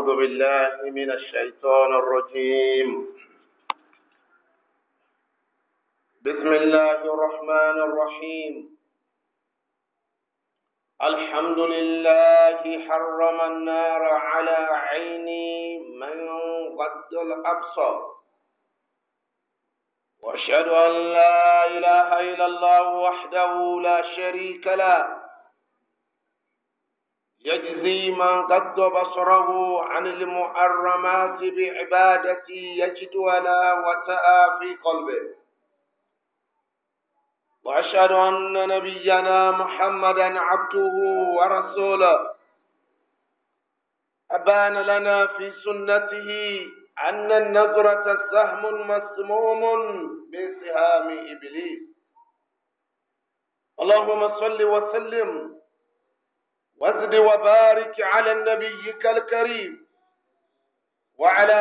أعوذ بالله من الشيطان الرجيم بسم الله الرحمن الرحيم الحمد لله حرم النار على عين من قد الأبصر وأشهد أن لا إله إلا الله وحده لا شريك له يجزي من قد بصره عن المحرمات بعبادة يجد ولاوتها في قلبه وأشهد أن نبينا محمدا عبده ورسوله أبان لنا في سنته أن النظرة سهم مسموم بسهام إبليس اللهم صل وسلم وازد وبارك على نبيك الكريم وعلى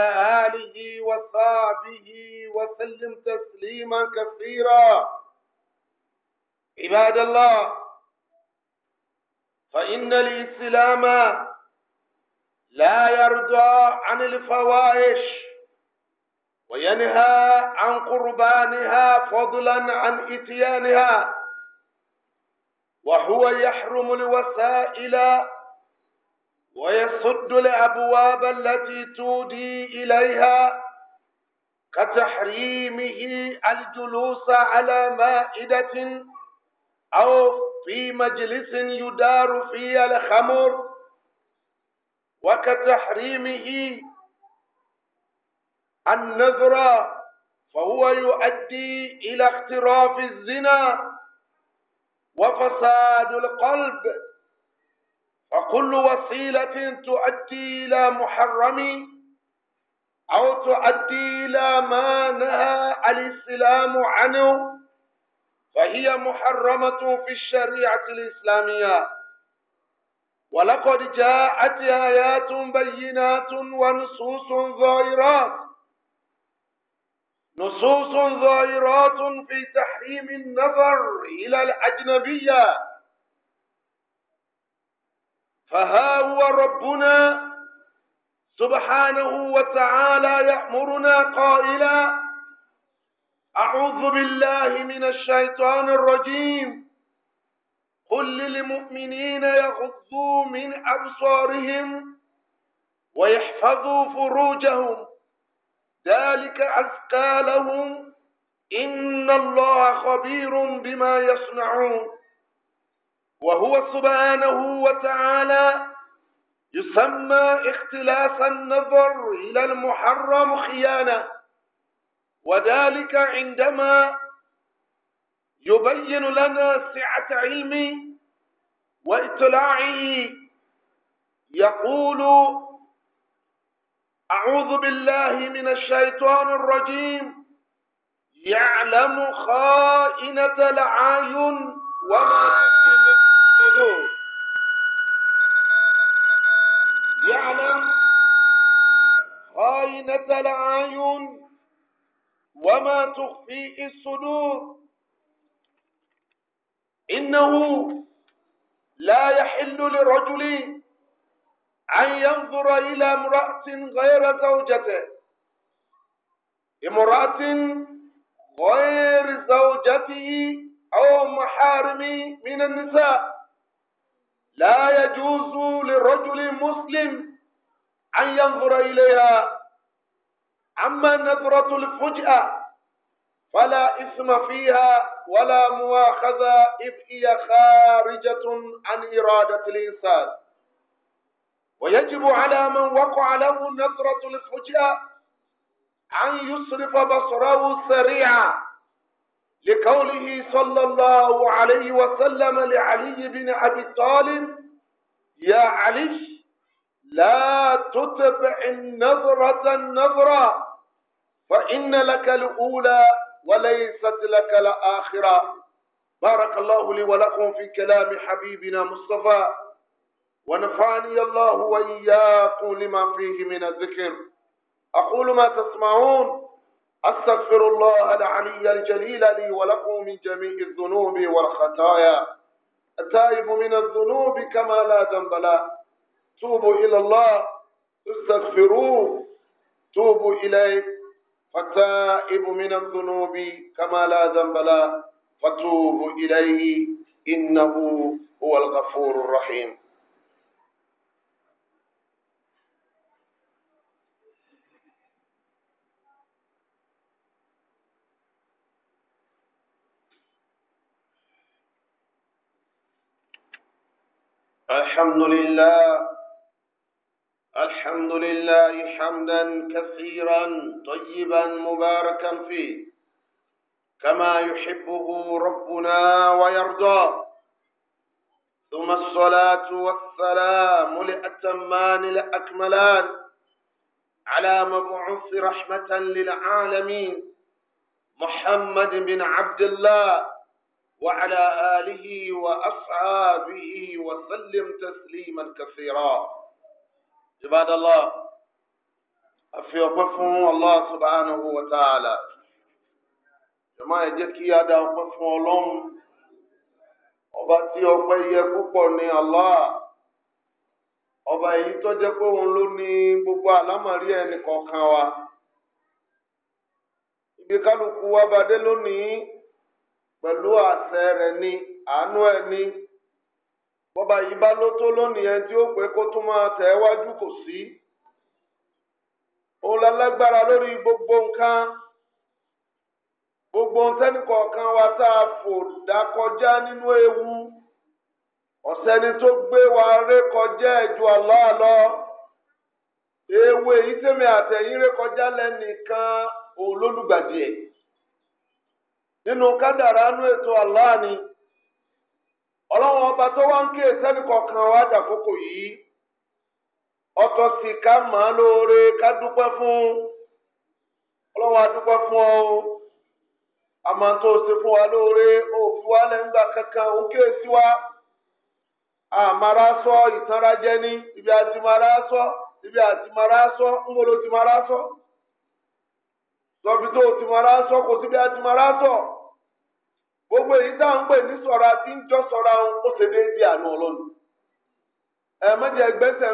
آله وصحبه وسلم تسليما كثيرا عباد الله فإن الإسلام لا يرضى عن الفواحش وينهى عن قربانها فضلا عن إتيانها وهو يحرم الوسائل ويصد الابواب التي تودي اليها كتحريمه الجلوس على مائده او في مجلس يدار فيه الخمر وكتحريمه النذر فهو يؤدي الى اختراف الزنا وفساد القلب فكل وسيلة تؤدي إلى محرم أو تؤدي إلى ما نهى الإسلام عنه فهي محرمة في الشريعة الإسلامية ولقد جاءت آيات بينات ونصوص ظاهرات نصوص ظاهرات في تحريم النظر إلى الأجنبية فها هو ربنا سبحانه وتعالى يأمرنا قائلا أعوذ بالله من الشيطان الرجيم قل للمؤمنين يغضوا من أبصارهم ويحفظوا فروجهم ذلك أزكى لهم إن الله خبير بما يصنعون وهو سبحانه وتعالى يسمى اختلاس النظر إلى المحرم خيانة وذلك عندما يبين لنا سعة علمه واطلاعه يقول أعوذ بالله من الشيطان الرجيم يعلم خائنة العين وما الصدور يعلم خائنة العين وما تخفي الصدور إنه لا يحل لرجل أن ينظر إلى امرأة غير زوجته امرأة غير زوجته أو محارم من النساء لا يجوز لرجل مسلم أن ينظر إليها أما نظرة الفجأة فلا إثم فيها ولا مؤاخذة إذ هي خارجة عن إرادة الإنسان ويجب على من وقع له نظرة الفجأة أن يصرف بصره سريعا لقوله صلى الله عليه وسلم لعلي بن أبي طالب يا علي لا تتبع النظرة النظرة فإن لك الأولى وليست لك الآخرة بارك الله لي ولكم في كلام حبيبنا مصطفى ونفعني الله وإياكم لما فيه من الذكر أقول ما تسمعون أستغفر الله العلي الجليل لي ولكم من جميع الذنوب والخطايا التائب من الذنوب كما لا ذنب له توبوا إلى الله استغفروه توبوا إليه فالتائب من الذنوب كما لا ذنب له فتوبوا إليه إنه هو الغفور الرحيم الحمد لله الحمد لله حمدا كثيرا طيبا مباركا فيه كما يحبه ربنا ويرضى ثم الصلاة والسلام لأتمان لأكملان على مبعوث رحمة للعالمين محمد بن عبد الله وعلى آله وأصحابه وسلم تسليما كثيرا عباد الله أفيقفهم الله سبحانه وتعالى جماعة جكي هذا أقفهم لهم ọbàtí ọpẹ́ yẹ púpọ̀ ní Allah ọba èyí tó jẹ́ pé òun ló ní gbogbo àlámọ̀rí ẹnì kọ̀ọ̀kan wa ibi kálukú wa bá dé lónìí pẹ̀lú àṣẹ rẹ̀ ni àánú ẹ̀ ni bọ́ba yìí bá ló tó lónìí ẹni tí ó pé kó tún máa tẹ̀ wájú kò sí òun lálágbára lórí gbogbo nǹkan gbogbo tẹ́nìkọ̀ọ̀kan wa tá a fò dá kọjá nínú ewu ọ̀sẹ́ni tó gbé wa ré kọjá ẹ̀jú Allah lọ ewu èyí tèmi àtẹ̀yìn ré kọjá lẹ́nìkan òun lólùgbàdì ẹ̀. nínú kádàrá nú ètò Allah ni ọlọ́run ọba tó wá ń ké sẹ́ni kọ̀ọ̀kan wá dàkókò yìí ọtọ sí ká màá lóore ká dúpẹ́ fún ọlọ́run adúpẹ́ fún ọ àmọ́ tó ṣe fún wa lóore òfin wa kankan ké ibi àti màrà ibi àti màrà sọ ti màrà sọ sọ kò síbi gbogbo èyí tá ń pè ní sọ̀ra tí ń jọ́ sọ̀ra ń ó ṣe déédéé àánú ọlọ́run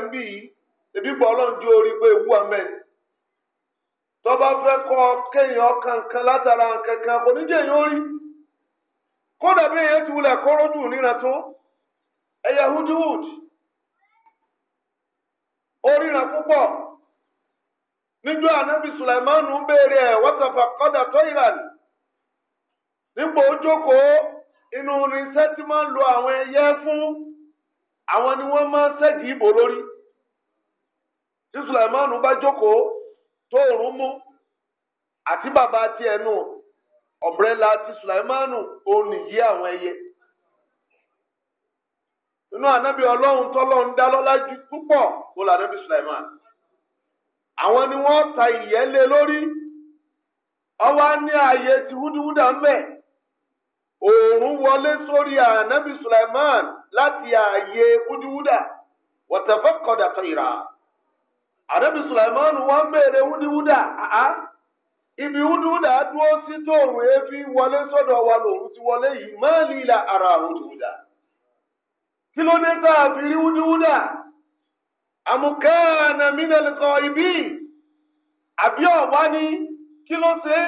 ń bì ebi pọ̀ ọlọ́run jó orí pé ewu amẹ́ tọ́ba fẹ́ kọ́ kéèyàn kankan látara kankan kò ní jẹ́ èèyàn kódà bí ti wulẹ̀ dùn tó ẹ̀yà púpọ̀ níjọ́ ń béèrè ẹ̀ wọ́n kọ́dà tó nígbà ojoko jókòó inú irinṣẹ́ tí máa ń lo àwọn ẹyẹ fún àwọn ni wọ́n máa ń ṣẹ́gi ìbò lórí tí sulaimanu bá joko tó òórùn mú àti bàbá tiẹ̀ nù ọ̀mbrẹ́là ti sulaimanu òun nìyí àwọn ẹyẹ inú ànábì ọlọ́run tọ́lọ́run dá lọ́lá jù púpọ̀ kó la ànábì Sulaiman àwọn ni wọ́n ta ìyẹ́ lé lórí ọwọ́ á ní ààyè ti húdúhúdà ń bẹ̀ òòrùn wọlé sórí ànábì Sulaiman láti ààyè wúdiwúdà wọ̀tẹ̀fẹ́kọ̀dà tọ̀yìrà ànábì Sulaiman wọ́n ń béèrè wúdiwúdà àá ibi wúdiwúdà dúró sí tóòrùn efi wọlé sọ́dọ̀ wa lòun ti wọlé yìí máa líla ara wúdiwúdà kí ló dé tá a fi rí wúdiwúdà àmùkáànà mínàlùkọ ibi àbí ọ̀wá ni kí ló ṣe é.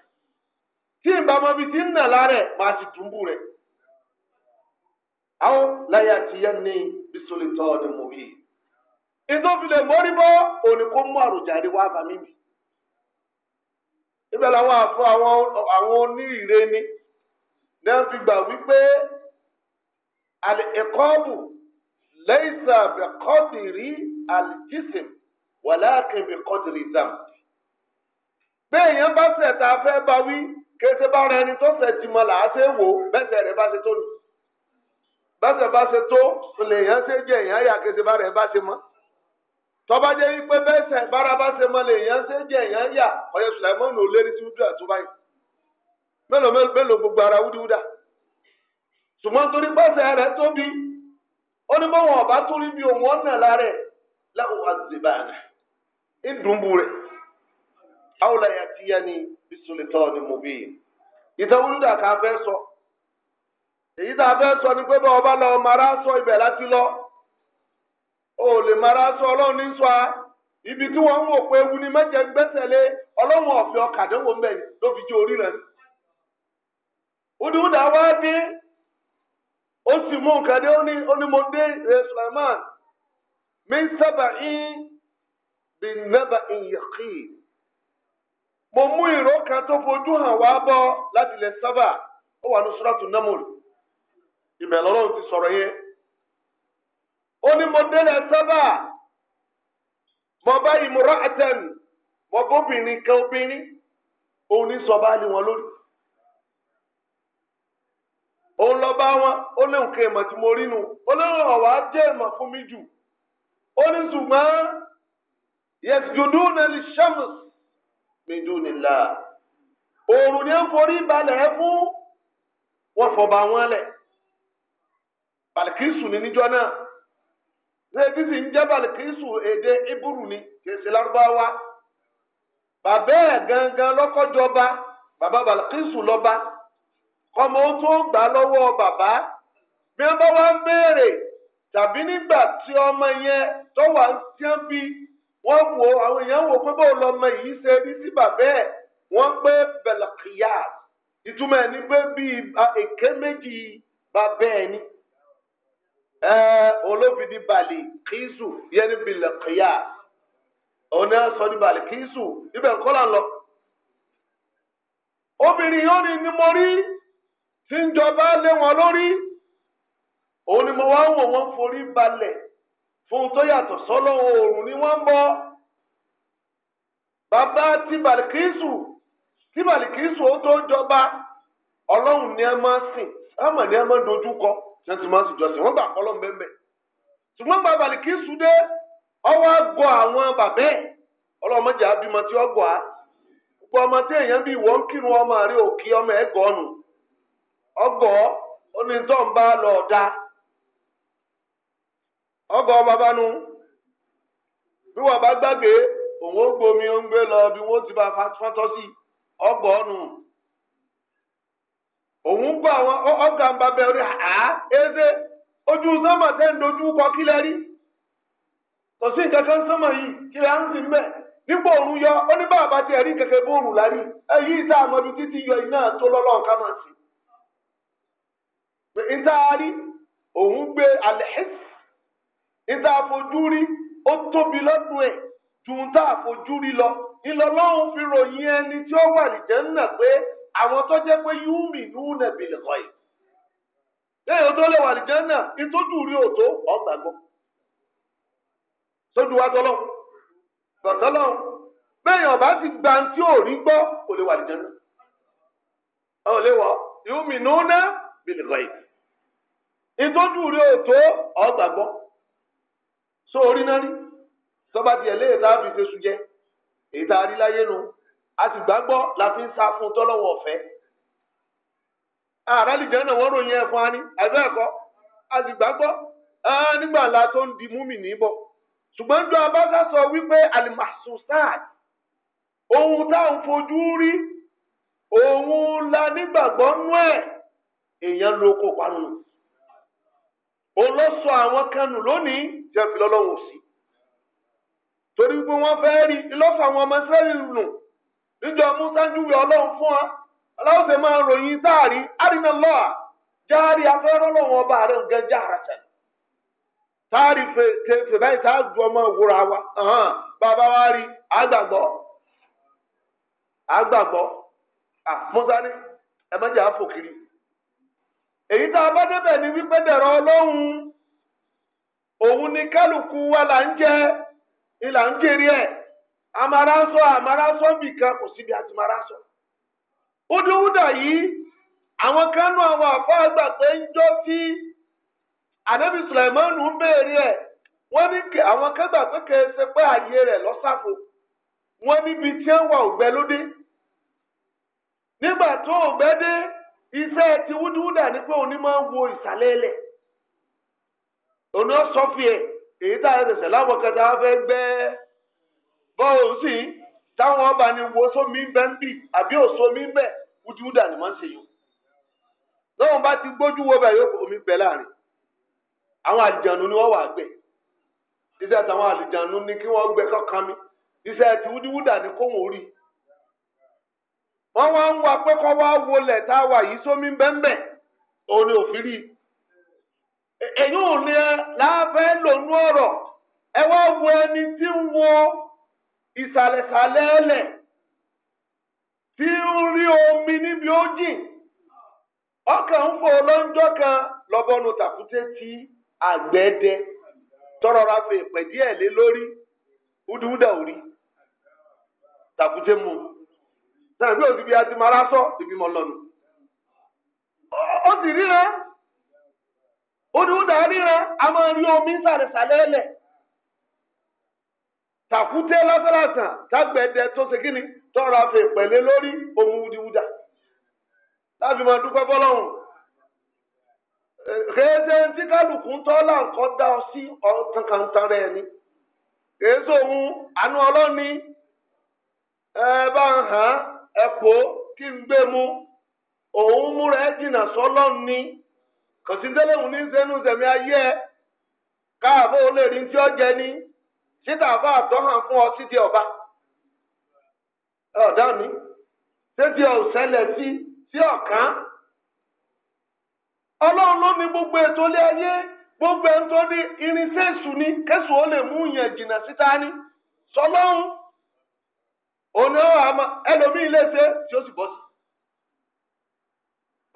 tí n bá mọ ibi tí ń nà lára ẹ máa ti dùn bù rẹ. àwọn láyà tí yẹn ní bisolitọ ni mo bí. ìtòfilẹ̀ mórí bọ́ òní kó mú àròjàre wá bá mi bì. ibẹ̀ làwọn àfọ àwọn oníire ni ní wọ́n fi gbà wípé àlè ẹ̀kọ́ bù lẹ́yìnsà bẹ̀kọ́dìrí àlìjísìm wàlákìn bẹ̀kọ́dìrí dàm. bẹ́ẹ̀ yẹn bá ṣẹ̀ tá a fẹ́ bá wí kése bá rẹ ẹni tó sẹ̀ ti mọ làá ṣe wò bẹ́sẹ̀ rẹ bá ṣe tó ni bẹ́sẹ̀ bá ṣe tó lèèyàn ṣe jẹ èèyàn yà kése bá rẹ bá ṣe mọ́ tọ́ba jẹ́ wípé bẹ́sẹ̀ bára bá ṣe mọ́ lèèyàn ṣe jẹ èèyàn yà ọ̀yẹ́ sùlẹ̀mọ́nù ò lérí tí wúdúrà tó báyìí mélòó mélòó gbogbo ara wúdiwúdà ṣùgbọ́n torí bẹ́sẹ̀ rẹ tóbi ó ní báwọn ọ̀bá tó rí bí òun ọ̀nà lára ẹ̀ láwọn àzèbáàná ìdùnbù rẹ̀ àwọn làyà tìyà ni. bisulitọ́ọ̀nì mùbí ìtẹ̀wúndà ká fẹ́ sọ èyí tá a fẹ́ sọ ni pé bá ọba lọ mara sọ ibẹ̀ láti lọ o lè mara sọ ọlọ́run ní sọ a ibi tí ń wò pé ewu ni mẹ́jẹ gbẹ́sẹ̀lé ọlọ́run ọ̀fẹ́ ọkàdéwò mbẹ́ ló fi jẹ́ orí rẹ̀ wúdiwúdà wá dé ó sì mú nǹkan dé ó ní mo dé mi mo mú ìró kan tó fojú hàn wá lati láti ilẹ̀ sábà ó wà ní sọ́dọ̀tún námúlù ibẹ̀ ti sọ̀rọ̀ yẹn ó ní mo délẹ̀ sábà mo bá ìmúra àtẹn mo bóbìnrin kan obìnrin òun ní sọ báàlì wọn lórí òun lọ bá wọn ó léwu kan èèmọ̀ tí mo rí nu ó léwu ọ̀wá jẹ́ fún mi jù ó ní ṣùgbọ́n min dunillah òòrùn ni ó forí balẹ̀ fún wọn fọba wọn lẹ̀ balikisu ni níjọ náà ṣèkí sì ń jẹ́ balikisu èdè ibùrù ni kèsì lárúbáwá bàbá ẹ̀ gangan lọ́kọ́jọba bàbá balikisu lọ́ba kọ́mọ ó tó gbà lọ́wọ́ bàbá bí wọ́n bá wá ń béèrè tàbí nígbà tí ọmọ yẹn tó ń tiẹ́ bíi wọ́n wo àwọn èèyàn wò pé bóun lọ́mọ yìí ṣe rí sí bàbá ẹ̀ wọ́n gbé bẹ̀lẹ̀kìyà ìtumọ̀ ẹ̀ pé bíi èké méjì bàbá ẹ̀ ni olófin di bàlì kìísù yẹn ní bẹ̀lẹ̀kìyà òun náà sọ di bàlì kìísù ibẹ̀ kọ́ là ń lọ. obìnrin yóò ní ni mo rí tí ń jọba lé wọn lórí òun ni mo wá ń wò wọ́n forí balẹ̀. fún tó yàtọ̀ sọ́lọ́ oòrùn ni wọ́n ń bọ́ bàbá tí bàlìkísù tí bàlìkísù ó tó jọba ọlọ́run ni ẹ máa sìn sáàmà ni ẹ máa dojú ṣé ti máa sùjọsìn wọ́n gbà kọ́lọ́ mbẹ́mbẹ́ ṣùgbọ́n bàbá dé ọwọ́ àgọ́ àwọn bàbẹ́ ọlọ́mọdé abimọ tí ó gbọ́ a gbogbo ọmọ tí èèyàn bí ń kírun ọmọ òkè ọmọ ọ̀nù ọgọ́ ó ní ń bá lọ ọgọ babanu bí wọn bá gbàgbé òun ó gbomi ó ń gbé lọ bí wọn ti bá fọtọ sí ọgọ ọnù òun ń àwọn ọgà ń babẹ orí àá ẹsẹ ojú sọmọ tẹ dojú kọ kílẹ rí kò sí yìí kílẹ yọ ó ní bàbá rí lárí ìta títí yọ iná tó máa ìta rí níta àfojú rí ó tóbi lọ́dún ẹ̀ ju níta àfojú rí lọ ìlọlọ́run fi ròyìn ẹni tí ó wà lìjẹ́nà pé àwọn tó jẹ́ pé yúmi núnà bìlìkọ́ yìí lẹ́yìn tó lè wà lìjẹ́nà ìtọ́jú rí òtó ọ̀gbàgbọ́ sójú wa tọ́lọ́ tọ́lọ́ bẹ́ẹ̀ ọ̀bá ti gba tí ò rí gbọ́ kò lè wà lìjẹ́nà ọ̀ lè wọ̀ yúmi núnà bìlìkọ́ yìí ìtọ́jú rí òtó ọ̀gbàgbọ́ so orí náà rí tọ́ba tiẹ̀ lé ètò àfi ṣe sùjẹ́ ètò àríláyé nu a sì gbàgbọ́ la fi ń sá fún tọ́lọ́wọ́ ọ̀fẹ́ àrálì jẹ́nà wọ́n ròyìn ẹ̀ fún ani àbẹ́ ẹ̀kọ́ a sì gbàgbọ́ nígbà la tó ń di múmi níbọ̀ ṣùgbọ́n jọ abáṣá sọ wípé alimasusad ohun tá à ń fojú rí òun la nígbàgbọ́ nú ẹ̀ èèyàn ló kó parun òun ló sọ àwọn kanù lónìí. tí wọ́n fi lọ́lọ́run sí torí pé wọn fẹ́ rí ìlọ́fà àwọn ọmọ Ísírẹ́lì nù níjọ musanjuwe Ọlọ́run fún wa aláwọ̀ fẹ́ máa ròyìn táàrí àrínà lọ́à afẹ́rọ́ lọ́wọ́ ọba rẹ̀ ń gẹ́jà àràṣà táàrí fèfè báyìí ọmọ ìwúra wa bàbá wa rí àgbàgbọ́ àgbàgbọ́ èyí tá òun ni kálukú wa là ń jẹ ìlà ń jèrè ẹ amarasọ amarasọ nìkan kò síbi àti marasọ ọdúnwúdà yìí àwọn kánú àwọn àfọ àgbà pé ń jọ tí ànábì sùlẹmánù ń béèrè ẹ wọn ní àwọn kan gbà pé kèé ṣe pé ààyè rẹ lọsàfo wọn níbi tí wọn wà ògbẹ lóde nígbà tó dé iṣẹ́ ti wúdúwúdà pé wo ìsàlẹ̀ oní sọfìẹ èyí tá a ṣẹ̀ṣẹ̀ láwọn kẹta fẹ gbẹ bọ́ọ̀lù sí táwọn ọba ni wo sómi ń bì àbí òsómi bẹ́ ni wọ́n ń ṣe yìí bá ti gbójú wo yóò omi láàrin àwọn àlìjànú ni wọ́n wà àlìjànú ni kí gbẹ mi ti ni wọn rí wọn wá ń wá pé kọ́ wá wọlé tá a wà yìí sómi òun ni òfin rí èyí ò ní ẹ láàfẹ́ lónú ọ̀rọ̀ ẹ wá wo ẹni tí ń wo ti ẹlẹ̀ rí omi níbi ó jìn ọkàn ń fò lọ́njọ́ kan lọ́bọ́nu tàkúté ti àgbẹ̀dẹ tọrọ ra lé lórí wúdiwúdà mu ó odòdó àríran a máa rí omi sàrẹ̀sàlẹ̀ lẹ̀ tàkúté lásánlásán to tó ṣe kíni tọrọ àfẹ lórí ohun wúdiwúdà láti máa dúpẹ́ bọ́lọ́hùn eh, kèéṣe tí kálukú ń tọ́ là ń kọ́ dá ọ ni ẹ bá n gbé mu òun múra kò sí tẹ́lẹ̀hùn ní sẹ́nu sẹ̀mí ayé ẹ káàbọ̀ ó lè rí tí ó jẹ ní síta fún ọ ọba ọ̀dá mi sétí ọ̀sẹ̀lẹ̀ sí sí ọ̀kan ọlọ́run ló ní gbogbo ètò ilé ayé gbogbo ẹni tó ní irinṣẹ́ èṣù ni ó lè mú yẹn jìnnà síta ní sọlọ́run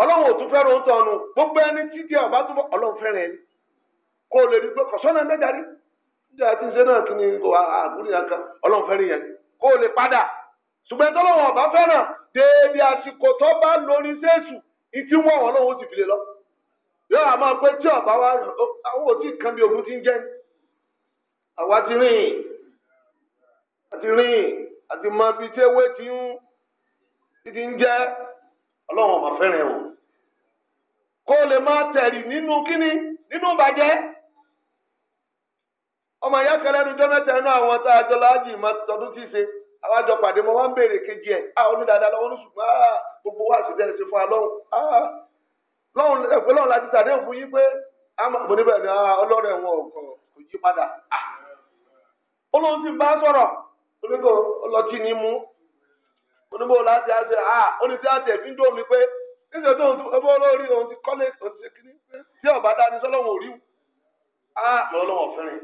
ọlọ́run otu fẹ́ràn gbogbo ẹni tí díẹ̀ ọba tó ọlọ́run fẹ́ràn ẹni kó o lè rí i pé kọ̀sọ́nà ẹ̀ mẹ́ta ṣe náà kí ni kò àgúrì yẹn kan ọlọ́run fẹ́ràn yẹn o lè padà ṣùgbọ́n tọ́lọ́run ọba fẹ́ràn àsìkò tó bá lórí sẹ́ẹ̀sù ìtí wọ́n wọn lọ́wọ́ lọ yóò pé tí ọba wa àwọn òtí kan ti ń àwa ti rìn àti rìn àti mọ ibi tí ọlọ́run ọmọ fẹ́ràn ẹ̀ wò kó lè máa tẹ̀rì nínú kíni nínú ìbàjẹ́ ọmọ ìyá kan lẹ́nu jọ́ mẹ́ta ẹnu àwọn tá a jọ láàjì máa tọdún tí ì ṣe àwọn àjọ pàdé mo máa ń béèrè kejì ẹ̀ a oní dáadáa lọ́wọ́ ní ṣùgbọ́n a ah, gbogbo wa sì tẹ̀lé sí fún wa lọ́hùn a lọ́hùn ẹ̀pẹ́ lọ́hùn láti tàdé òfin yí pé mo níbẹ̀ ni ọlọ́rọ̀ ẹ̀wọ̀n ọ̀gọ̀ kò yí padà olóhùn ti bá sọ̀rọ̀ olóko ọlọ́tí ni mú onímọ̀ láti àṣẹ à ah, oní fi ń dóhùn pé níṣẹ́ tó ń bọ́ lórí òun ti kọ́lé òun ti kíní tí ọ̀bá dání sọ́lọ́wọ́n ò wù á ah, lọ́lọ́wọ́ fẹ́rẹ̀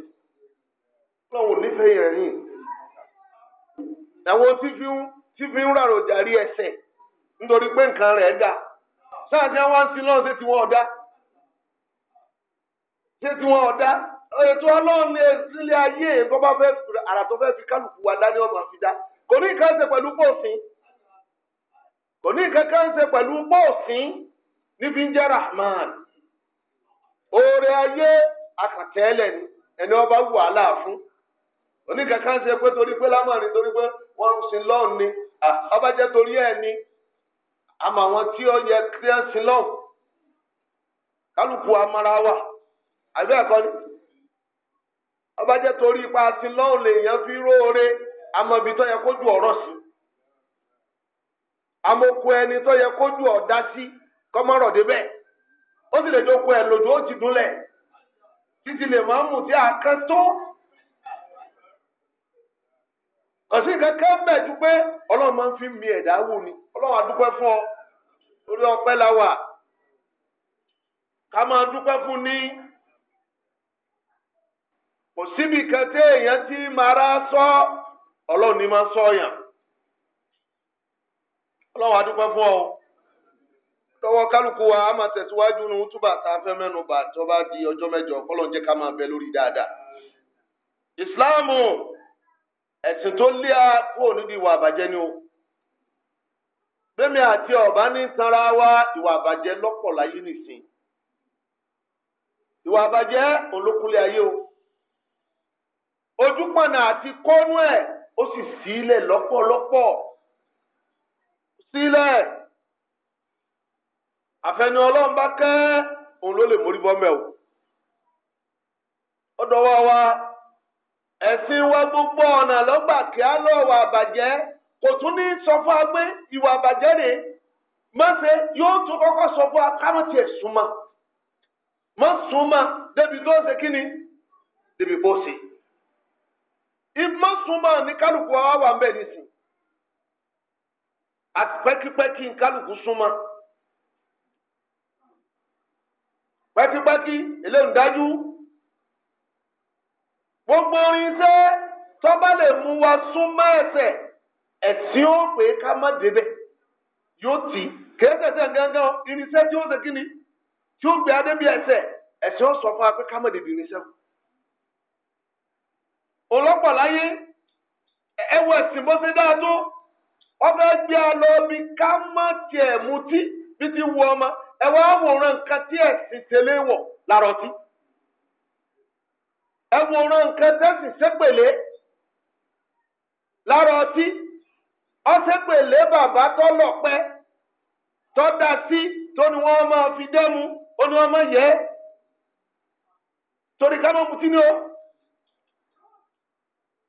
lọ́wọ́ nífẹ̀ẹ́ yẹn rìn àwọn tí fi ń tí fi ń rárò jàrí ẹsẹ̀ nítorí pé nǹkan rẹ̀ dà sáà tí wọ́n ọ̀dá ọ̀dá ètò kò ní nǹkan kan ṣe pẹ̀lú pọ́ọ̀sìn níbi ń jẹ́ rahman oore ayé akàtẹ́lẹ̀ ni ẹni ọba wù wàhálà fún oníkan kan ṣe pé torí pé lámọ̀rin torí pé wọ́n ń sin ni ọba jẹ́ torí ẹ̀ ni àmọ́ àwọn tí ó yẹ kí wọ́n sin kálukú amara ni ọba jẹ́ torí ipa sin fi róore àmọ́ ibi tó yẹ kó ju ọ̀rọ̀ sí i. amoko ẹni tó yẹ kójú ọ̀dá sí kọ́mọ́rọ̀ débẹ̀ ó sì lè jókòó ẹ̀ lòdù ó ti dúnlẹ̀ títí lè máa mú tí a tó ọ̀sìn kankan bẹ̀ pé ọlọ́run máa ń fi mi ẹ̀dá wù ni ọlọ́run àdúpẹ́ fún ọ sọ ọlọ́run ni máa sọ ọlọ́run adúpẹ́ fún ọ lọ́wọ́ kálukú wa a máa tẹ̀síwájú nu túbà tá a fẹ́ mẹ́nu tó bá di ọjọ́ mẹ́jọ kọ́lọ́n jẹ́ ká máa bẹ lórí dáadáa ìsìláàmù ẹ̀sìn tó lé a níbi ìwà ni o bẹ́mi àti ọ̀bá ní sílẹ̀ àfẹnu ọlọ́run bá kẹ́ òun ló lè mórí bọ́mẹ̀ o ó dọwọ́ wa ẹ̀sìn wa gbogbo ọ̀nà lọ́gbà kí á kò tún ní sọ fún wa pé ìwà àbàjẹ́ yóò tún kọ́kọ́ sọ fún wa ẹ̀ súnmọ́ mọ́ súnmọ́ débi tó ṣe ni débi bó ṣe àti pẹ́kípẹ́kí nkálukú súnmọ́ pẹ́kípẹ́kí eléyìí dájú gbogbo irinṣẹ́ tọ́ba lè mú wa súnmọ́ ẹsẹ̀ ẹ̀sìn ó pé ká má débẹ̀ yóò tì kéésẹ̀sẹ̀ gángan irinṣẹ́ tí ó ṣe kíni tí ó gbé adébí ẹsẹ̀ ẹ̀sìn ó sọ fún wa pé ká má débi irinṣẹ́ ọlọ́pàá láyé ẹ̀wọ̀ ẹ̀sìn bó ṣe dáa tó. ọ gbé a ala obi ká má tiẹ̀ bí ti wù ọmọ ẹ wá wòran nǹkan tí si esi wọ̀ lárọ̀tí ẹ wòran nǹkan tẹ̀sìn sépèlé lárọ̀tí ọ̀sẹ̀pèlé bàbá tọ́lọ̀pẹ́ tọ́da sí tó ni wọ́n máa ọma dẹ́mu ó ní wọ́n yẹ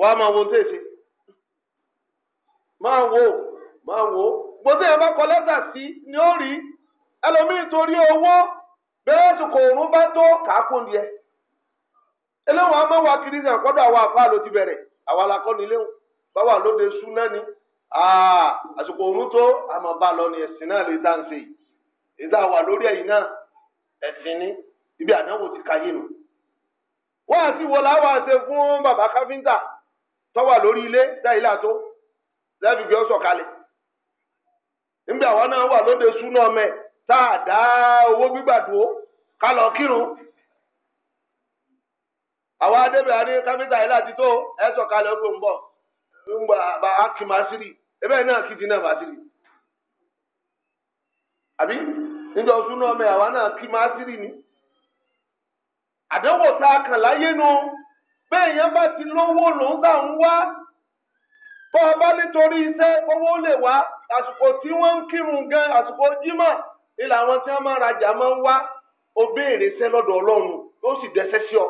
wàá máa wo tèsí máa wo máa wo gbọ́dọ̀ yẹn bá kọ lẹ́tà sí ni ó rí ẹlòmíín torí owó bẹ́ẹ̀ tó kò òórùn bá tó kàákùn díẹ̀ eléwọ̀n a máa wá kiri ní àwọn àfa ló ti bẹ̀rẹ̀ àwa la kọ́ ni léwọ̀n bá wà lóde súná ni àsìkò òórùn tó àmọ́ bá lọ ni ẹ̀sìn náà lè dá ń yìí ìdá wà lórí ẹ̀yìn náà ẹ̀sìn ni ibi àdánwò ti ka yé nu. wọ́n àti wọlá wà ṣe fún bàbá káfíńtà tọ́wà lórí ilé dáìlé àtó lẹ́bi bí ó sọ̀kalẹ̀ nígbà àwa náà wà lóde súná mẹ́ tá a dá owó gbígbàdúró ká lọ kírun àwa adébẹ̀ àní káfíńtà ilé àti tó ẹ sọ̀kalẹ̀ ó bá a kì máa sírì ebe náà kìdí náà bá sírì àbí súná náà kì máa sírì ni béèyàn bá ti lówó lòún tà ń wá bọ́ ọ bá nítorí iṣẹ́ owó lè wá àsìkò tí wọ́n ń kírun gan àsìkò jímọ̀ ni làwọn tí wọ́n máa rajà máa wá o béèrè lọ́dọ̀ ọlọ́run ó sì dẹ́sẹ́ sí ọ.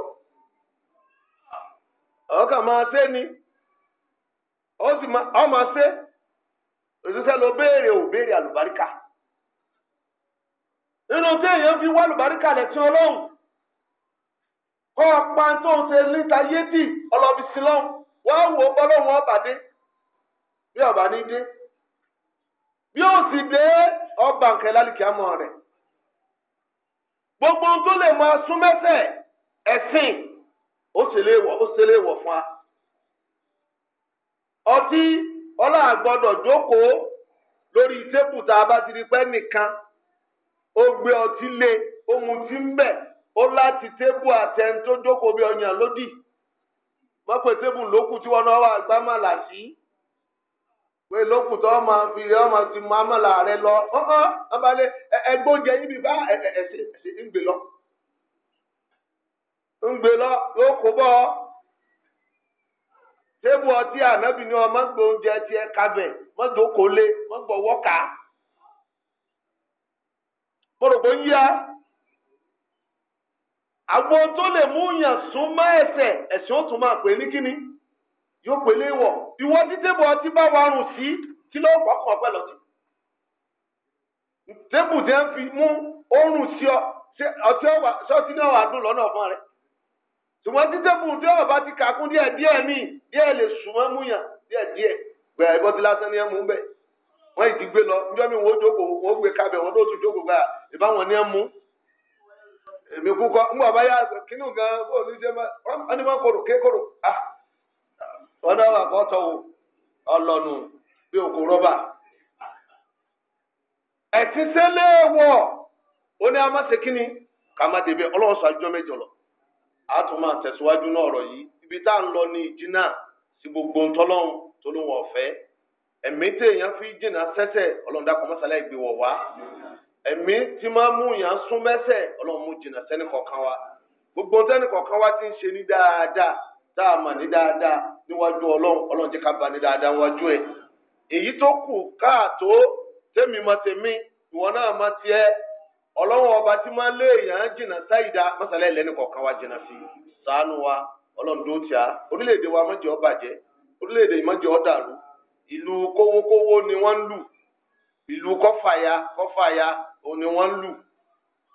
ọ̀ọ́kà máa ṣe ni ó sì máa ṣe òṣìṣẹ́ lọ béèrè ò béèrè àlùbáríkà nínú tí èèyàn fi wá àlùbáríkà lẹ̀ tí ọlọ́run. kọ́ ọ̀pá tó ń ṣe níta yédì ọlọ́bi sílọ́n wọ́n wò ó ọba dé bí ọba ní dé bí ó sì dé ọba nǹkan lálùkì àmọ́ rẹ̀ gbogbo tó lè máa súnmẹ́sẹ̀ ẹ̀sìn ó sì lè wọ̀ ó sì lè wọ̀ fún wa ọtí ti di ó láti tébù àtẹn tó jókòó bí ọyàn lódì mọ́pẹ́ tébù lókù tí wọ́n náà wà gbámàlà sí pé lókù tó máa fi ọmọ ti mọ àmàlà rẹ lọ ọkọ abalẹ yìí bí bá ẹsẹ ń gbé lọ ń gbé ni tiẹ lé àgbo tó lè mú yàn súnmọ́ ẹsẹ̀ ẹ̀sìn ó tún máa pè ní kíni yóò pè lé wọ̀ ìwọ títẹ́bù ọtí bá warùn sí kí ló kọ́kọ́ pẹ́ lọ́tì tẹ́bù tẹ́ ń fi mú oorun sí ọ ọtí ọwà ṣọ́ọ̀tì náà wà dùn lọ́nà ọ̀fọ́n rẹ̀ ṣùgbọ́n títẹ́bù tí ọba ti kàkún díẹ̀ díẹ̀ míì díẹ̀ lè sùnmọ́ mú yàn díẹ̀ díẹ̀ gbẹ̀rẹ̀ ìbọn ti lásán ní ẹ̀mú bẹ́ẹ̀ wọ́n ì ti gbé lọ níjọ́ mi wọ́n jókòó wọ́n gbé kabẹ̀ wọ́n tó tún jókòó gbà èmi kú kọ ńgbà bá yá kínú gan bóòlù jẹ mọ ọdún máa kóró kékòrò à ọdún àwọn àkọtọ wò rọba ẹtí sẹlẹ wọ ó ní amásekínì kàmádébẹ ọlọ́run lọ àtúmọ̀ àtẹ̀síwájú ibi taa n'lọ lọ gbogbo ntọ́lọ́hún fi emi tí máa mú yàn sún mẹ́sẹ̀ ọlọ́run mú jìnnà gbogbo sẹ́ni kawa ti ń ṣe ní dáadáa tá a mà ní dáadáa níwájú ọlọ́run ọlọ́run ká ba ní dáadáa níwájú ẹ̀ èyí tó kù káàtó tèmi ma tèmi ìwọ náà ọba tí máa lé èèyàn jìnnà sáìdá wa jìnnà sí wa tó wa òun ni wọ́n ń lù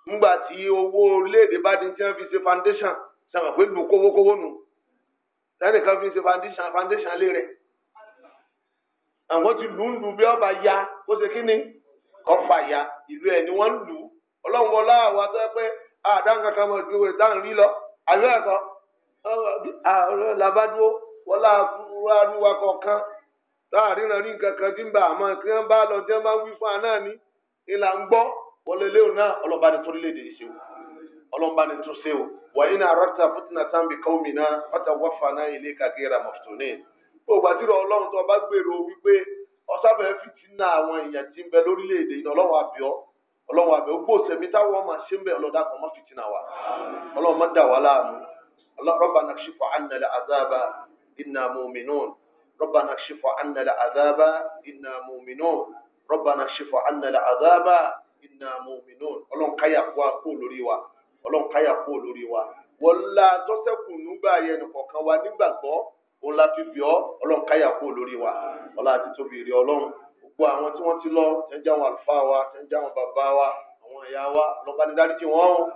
nígbà tí owó orílẹ̀-èdè bá di tí wọ́n fi ṣe foundation sọ̀rọ̀ pé lù kówókówó nù lẹ́nìkan fi ṣe foundation foundation lé rẹ̀ àwọn ti lù ń lù bí ọba ya ó ṣe kí ni ọba ya ìlú ẹ̀ ni wọ́n ń lù ọlọ́run wọlá àwọn àti ẹgbẹ́ àdáhùn kankan mọ̀ ìgbéwò ìdáhùn rí lọ àlọ́ ẹ̀kọ́ làbádúró wọlá arúwa kọ̀ọ̀kan láàrin rí nǹkan kan tí ń bá àmọ́ kí wọ́n bá lọ tí wọ́n bá wí fún àná ni ìlà ń gbọ́ wọlé léwu náà ọlọ́ba ni torí léde ìṣe o ọlọ́ba ni tún ṣe o wàyí náà rọ́tà fúntinà tàbí káwọ́mì náà pátá wọ́fà náà ilé kàgéra mọ̀fútùnì. ògbà tí ọlọ́run tó bá gbèrò wípé ọ̀sáfẹ́ fìtínà àwọn èèyàn ti ń bẹ lórílẹ̀‐èdè iná ọlọ́run àbíọ́ ọlọ́run àbẹ̀ ogbó sẹ̀mí táwọn máa ṣe ń bẹ̀ ọlọ́dà rọ́bànà ṣẹfọ ànàlẹ àdáàbà iná mọ̀mìnà ọlọ́nkáyà kó kó lórí wa ọlọ́nkáyà kó lórí wa wọlá tọ́sẹ̀kùn nígbà yẹn nìkọ̀ọ̀kan wa nígbàgbọ́ òun la fi bíọ́ ọlọ́nkáyà kó lórí wa ọlá àti tóbi rí ọlọ́run gbogbo àwọn tí wọ́n ti lọ tẹ́jà àwọn àlùfáà wa tẹ́jà àwọn bàbá wa àwọn ìyá wa ọlọ́mbanidáríjì wọn o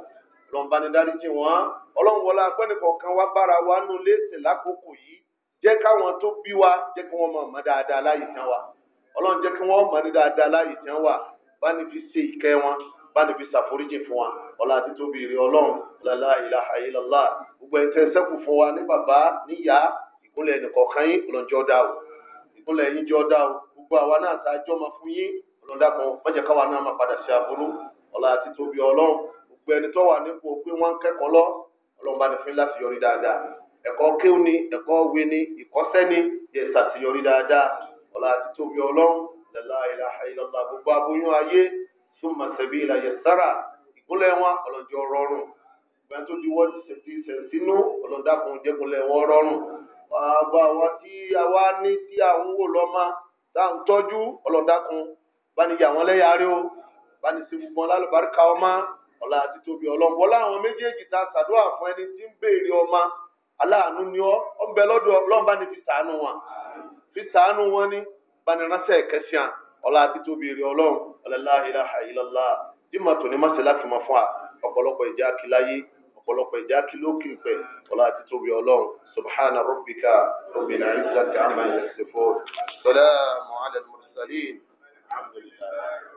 ọlọ́mbanidáríjì wọn ọlọ́run wọlá agbẹ́nìkọ̀ọ̀kan wa bára wa nù lẹ́sìn lákòókò yìí jẹ́ káwọn tó bí wa jẹ́ kí wọ́n mọ̀ dáadáa láyìí tán wa ọlọ́run jẹ́ kí wọ́n mọ̀ ní dáadáa láyé tí wọ́n wà bá ní fi ṣe ìkẹ́ wọn bá ní fi ṣàforíjì fún wa ọlá àti tóbi ìrè ọlọ́run lálá ilaha illallah gbogbo ẹni tẹ́ sẹ́kù fún wa ní bàbá níyà ìkúnlẹ̀ nìkọ̀ọ̀kan yín ọlọ́njọ́ dá o ìkúnlẹ̀ yín jọ́ dá o gbogbo àwa náà tá a jọ́ máa fún yín ọlọ́dà kan mọ̀jẹ̀ káwa náà máa padà sí aburú ọlá àti tóbi ọlọ́run gbogbo ẹni tó wà nípò pé wọ́n ń kẹ́kọ̀ọ́ lọ ọlọ́run bá ní fún láti yọrí dáadáa ẹ̀kọ́ kéwù ni ẹ̀kọ́ òwe ni ìkọ́sẹ́ ni yẹ ṣàṣeyọrí dáadáa ọlá àti tóbi ọlọ́run lẹ́la ìlàhà ìlọ́ta gbogbo aboyún ayé súnmọ́ tẹ̀bí ìlàyẹ̀ sára ìkúnlẹ̀ wọn ọlọ́jọ́ rọrùn ìgbà tó di wọ́n ti ṣètì ìṣẹ̀sínú ọlọ́dàkùn jẹ́kunlẹ̀ wọn rọrùn bàbá wa tí a wá ní tí à ń wò lọ́mọ tá à ń tọ́jú ọlọ́dàkùn báníyà wọn lẹ́yà rí o bánisí gbogbo ọlálùbáríkà ọmọ ọlá àti tóbi ọlọ́run wọlé àwọn méjèèjì ta ṣàdúrà fún ẹni tí ń béèrè ọmọ aláàánú ni ọ ọ ń bẹ lọ́dọ̀ ọlọ́run bá ní fi ṣàánú fìtàánù wọn ní baniránṣẹ́ kẹsíà ọlá títóbi rẹ ọlọ́run ọlọ́lá ilaha illallah dìmọ̀ tó ní má ṣe láti máa fún wa ọ̀pọ̀lọpọ̀ ìjà kìláyé ọ̀pọ̀lọpọ̀ ìjà kìlókì pẹ̀ ọlá títóbi ọlọ́run subhana rabbika rabbil izzati amma yasifun salamun ala al mursalin alhamdulillah.